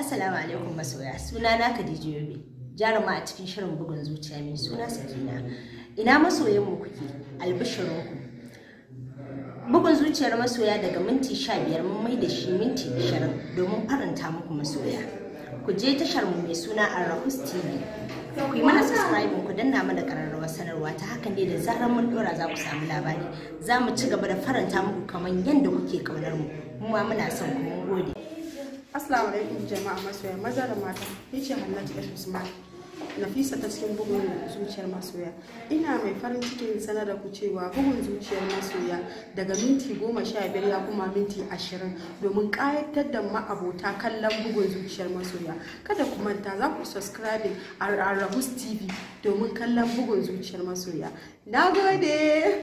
Assalamu alaikum masoya suna na Khadija Yobe jaruma a cikin shirin bugun zuciya mai suna Sakina ina masoyan mu kuke albishirin ku bugun zuciyar masoya daga minti 15 mun mai da shi minti 20 domin faranta muku masoya ku je tashar mu mai suna Arrahus TV ku yi mana subscribe ku danna mana kararrawar sanarwa ta hakan ne da zarar mun dora za ku samu labari za mu ci gaba da faranta muku kamar yadda kuke kaunar mu mu ma muna son ku mun gode Assalamu alaikum jama'a masoya maza da mata ni ce Hannatu Yar Usman Nafisa ta cikin bugun zuciyar masoya ina mai farin cikin sanar da ku cewa bugun zuciyar masoya daga minti goma sha biyar ya kuma minti ashirin domin ƙayatar da ma'abota kallon bugun zuciyar masoya kada ku manta za ku subscribe a Rahus TV domin kallon bugun zuciyar masoya na gode